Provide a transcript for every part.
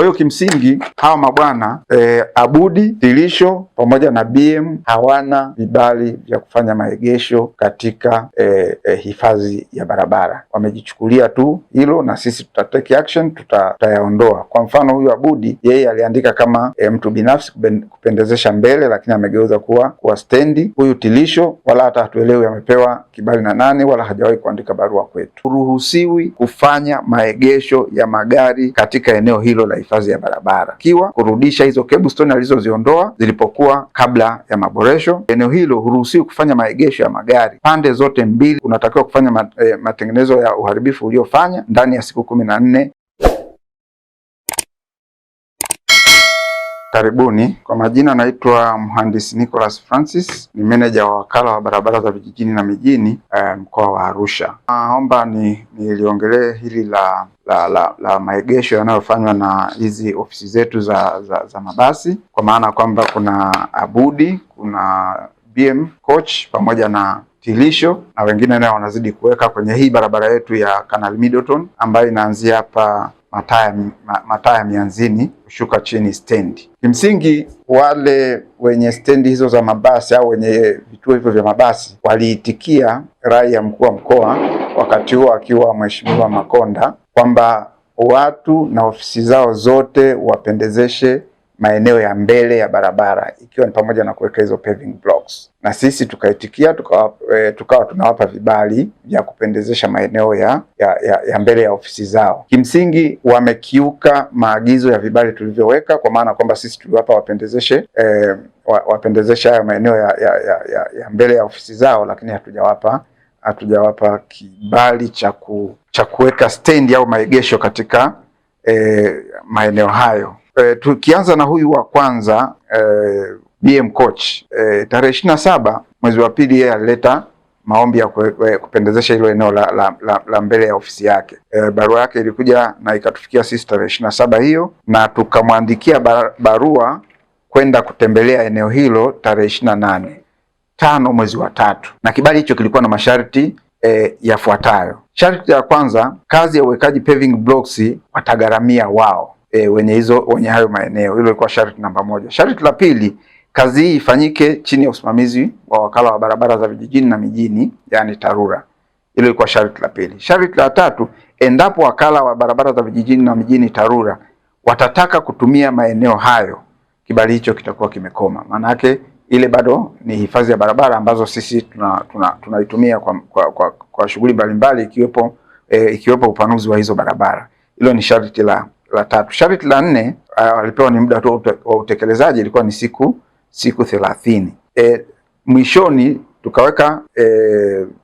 Kwa hiyo kimsingi hawa mabwana e, Abudi Tilisho pamoja na BM hawana vibali vya kufanya maegesho katika e, e, hifadhi ya barabara. Wamejichukulia tu hilo, na sisi tuta take action, tutayaondoa tuta. Kwa mfano huyu Abudi yeye aliandika kama e, mtu binafsi kupendezesha mbele, lakini amegeuza kuwa kuwa stendi. Huyu Tilisho wala hata hatuelewi amepewa kibali na nani, wala hajawahi kuandika barua kwetu. Huruhusiwi kufanya maegesho ya magari katika eneo hilo la hifadhi ya barabara, ikiwa kurudisha hizo cobblestone alizoziondoa zilipokuwa kabla ya maboresho. Eneo hilo huruhusiwi kufanya maegesho ya magari pande zote mbili, unatakiwa kufanya eh, matengenezo ya uharibifu uliofanya ndani ya siku kumi na nne Karibuni. Kwa majina naitwa Mhandisi Nicholas Francis, ni meneja wa wakala wa barabara za vijijini na mijini eh, mkoa um, wa Arusha. Naomba ni niliongelee hili la la, la, la maegesho yanayofanywa na hizi ofisi zetu za, za, za mabasi kwa maana kwamba kuna Abudi, kuna BM Coach pamoja na Tilisho na wengine nao wanazidi kuweka kwenye hii barabara yetu ya Canal Middleton ambayo inaanzia hapa mataya, mataya mianzini kushuka chini stendi. Kimsingi wale wenye stendi hizo za mabasi au wenye vituo hivyo vya mabasi waliitikia rai ya mkuu wa mkoa wakati huo akiwa Mheshimiwa Makonda kwamba watu na ofisi zao zote wapendezeshe maeneo ya mbele ya barabara ikiwa ni pamoja na kuweka hizo paving blocks, na sisi tukaitikia tukawa, e, tukawa tunawapa vibali vya kupendezesha maeneo ya, ya, ya, ya mbele ya ofisi zao. Kimsingi wamekiuka maagizo ya vibali tulivyoweka, kwa maana kwamba sisi tuliwapa wapendezeshe e, wapendezesha haya maeneo ya, ya, ya, ya, ya mbele ya ofisi zao, lakini hatujawapa hatujawapa kibali cha kuweka stendi au maegesho katika e, maeneo hayo e, tukianza na huyu wa kwanza e, BM Coach e, tarehe ishirini na saba mwezi wa pili yeye alileta maombi ya kupendezesha hilo eneo la, la, la, la mbele ya ofisi yake e, barua yake ilikuja na ikatufikia sisi tarehe ishirini na saba hiyo, na tukamwandikia barua kwenda kutembelea eneo hilo tarehe ishirini na nane tano mwezi wa tatu, na kibali hicho kilikuwa na masharti e, yafuatayo. Sharti ya kwanza, kazi ya uwekaji paving blocks watagharamia wao e, wenye hizo wenye hayo maeneo. Hilo lilikuwa sharti namba moja. Sharti la pili, kazi hii ifanyike chini ya usimamizi wa wakala wa barabara za vijijini na mijini, yani TARURA. Hilo lilikuwa sharti la pili. Sharti la tatu, endapo wakala wa barabara za vijijini na mijini TARURA watataka kutumia maeneo hayo, kibali hicho kitakuwa kimekoma, maana yake ile bado ni hifadhi ya barabara ambazo sisi tunaitumia tuna, tuna kwa, kwa, kwa, kwa shughuli mbalimbali ikiwepo, e, ikiwepo upanuzi wa hizo barabara. Hilo ni sharti la, la tatu. Sharti la nne walipewa ah, ni muda tu wa utekelezaji ilikuwa ni siku siku thelathini. E, mwishoni tukaweka e,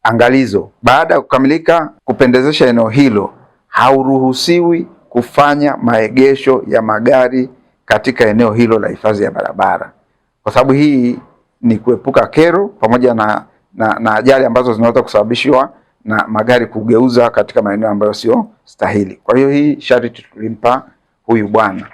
angalizo baada ya kukamilika kupendezesha eneo hilo hauruhusiwi kufanya maegesho ya magari katika eneo hilo la hifadhi ya barabara kwa sababu hii ni kuepuka kero pamoja na, na, na ajali ambazo zinaweza kusababishwa na magari kugeuza katika maeneo ambayo sio stahili. Kwa hiyo hii sharti tulimpa huyu bwana,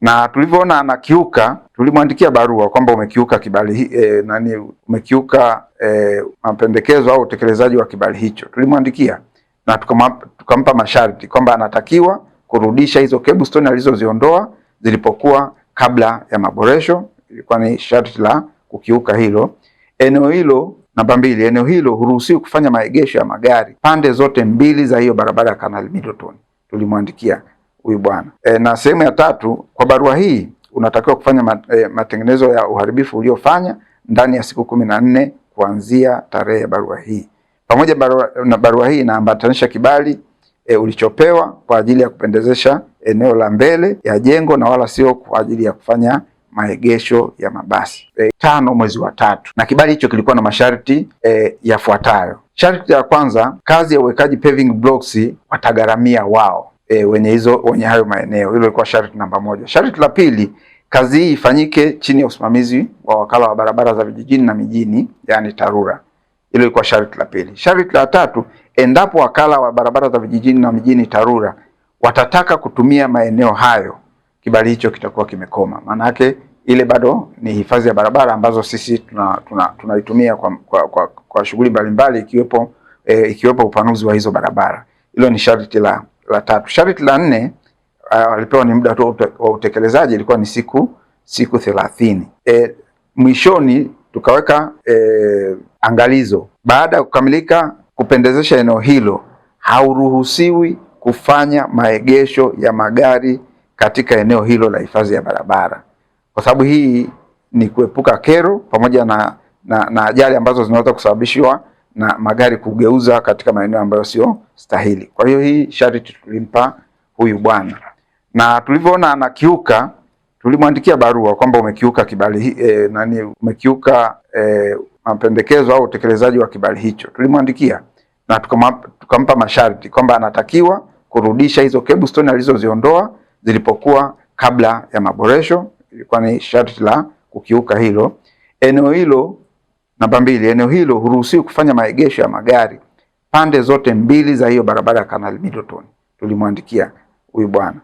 na tulivyoona anakiuka, tulimwandikia barua kwamba umekiuka kibali e, nani umekiuka e, mapendekezo au utekelezaji wa kibali hicho. Tulimwandikia na tukampa, tukampa masharti kwamba anatakiwa kurudisha hizo cobblestone alizoziondoa zilipokuwa kabla ya maboresho ilikuwa ni sharti la kukiuka hilo. Eneo hilo namba mbili, eneo hilo huruhusiwi kufanya maegesho ya magari pande zote mbili za hiyo barabara ya Canal Middleton, tulimwandikia huyu bwana e. Na sehemu ya tatu, kwa barua hii unatakiwa kufanya mat, e, matengenezo ya uharibifu uliofanya ndani ya siku kumi na nne kuanzia tarehe ya barua hii. Pamoja barua, na barua hii inaambatanisha kibali e, ulichopewa kwa ajili ya kupendezesha eneo la mbele ya jengo na wala sio kwa ajili ya kufanya maegesho ya mabasi e, tano mwezi wa tatu, na kibali hicho kilikuwa na masharti e, yafuatayo. Sharti la kwanza, kazi ya uwekaji paving blocks watagharamia wao e, wenye hizo wenye hayo maeneo. Hilo lilikuwa sharti namba moja. Sharti la pili kazi hii ifanyike chini ya usimamizi wa wakala wa barabara za vijijini na mijini, yani TARURA. Hilo ilikuwa sharti la pili. Sharti la tatu, endapo wakala wa barabara za vijijini na mijini TARURA watataka kutumia maeneo hayo kibali hicho kitakuwa kimekoma. Maana yake ile bado ni hifadhi ya barabara ambazo sisi tunaitumia tuna, tuna kwa, kwa, kwa, kwa shughuli mbalimbali ikiwepo, e, ikiwepo upanuzi wa hizo barabara. Hilo ni sharti la, la tatu. Sharti la nne walipewa ah, ni muda tu wa utekelezaji ilikuwa ni siku siku thelathini. E, mwishoni tukaweka e, angalizo baada ya kukamilika kupendezesha eneo hilo hauruhusiwi kufanya maegesho ya magari katika eneo hilo la hifadhi ya barabara, kwa sababu hii ni kuepuka kero pamoja na na, na ajali ambazo zinaweza kusababishwa na magari kugeuza katika maeneo ambayo sio stahili. Kwa hiyo hii sharti tulimpa huyu bwana, na tulivyoona anakiuka, tulimwandikia barua kwamba umekiuka kibali e, nani umekiuka e, mapendekezo au utekelezaji wa kibali hicho. Tulimwandikia na tukampa, masharti kwamba anatakiwa kurudisha hizo cobblestone alizoziondoa zilipokuwa kabla ya maboresho, ilikuwa ni sharti la kukiuka hilo. Eneo hilo namba mbili, eneo hilo huruhusiwi kufanya maegesho ya magari pande zote mbili za hiyo barabara ya Canal Middleton, tulimwandikia huyu bwana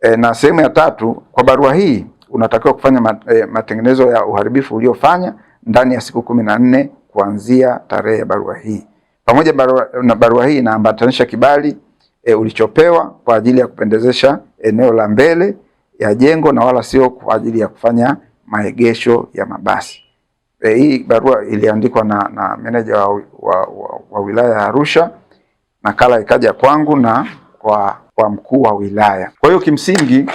e. Na sehemu ya tatu, kwa barua hii unatakiwa kufanya e, matengenezo ya uharibifu uliofanya ndani ya siku kumi na nne kuanzia tarehe ya barua hii. Pamoja barua, na barua hii inaambatanisha kibali e, ulichopewa kwa ajili ya kupendezesha eneo la mbele ya jengo na wala sio kwa ajili ya kufanya maegesho ya mabasi. E, hii barua iliandikwa na, na meneja wa, wa, wa, wa wilaya ya Arusha, nakala ikaja kwangu na kwa, kwa mkuu wa wilaya. Kwa hiyo kimsingi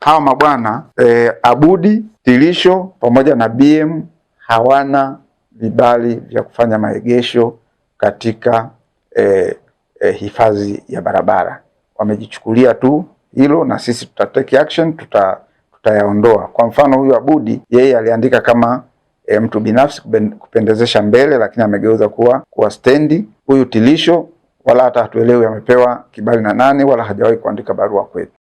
hawa mabwana e, Abudi Tilisho pamoja na BM hawana vibali vya kufanya maegesho katika e, e, hifadhi ya barabara, wamejichukulia tu hilo na sisi tuta take action, tuta tutayaondoa. Kwa mfano huyu Abudi yeye aliandika kama e, mtu binafsi kupendezesha mbele, lakini amegeuza kuwa kuwa stendi. Huyu Tilisho wala hata hatuelewi amepewa kibali na nani, wala hajawahi kuandika barua kwetu.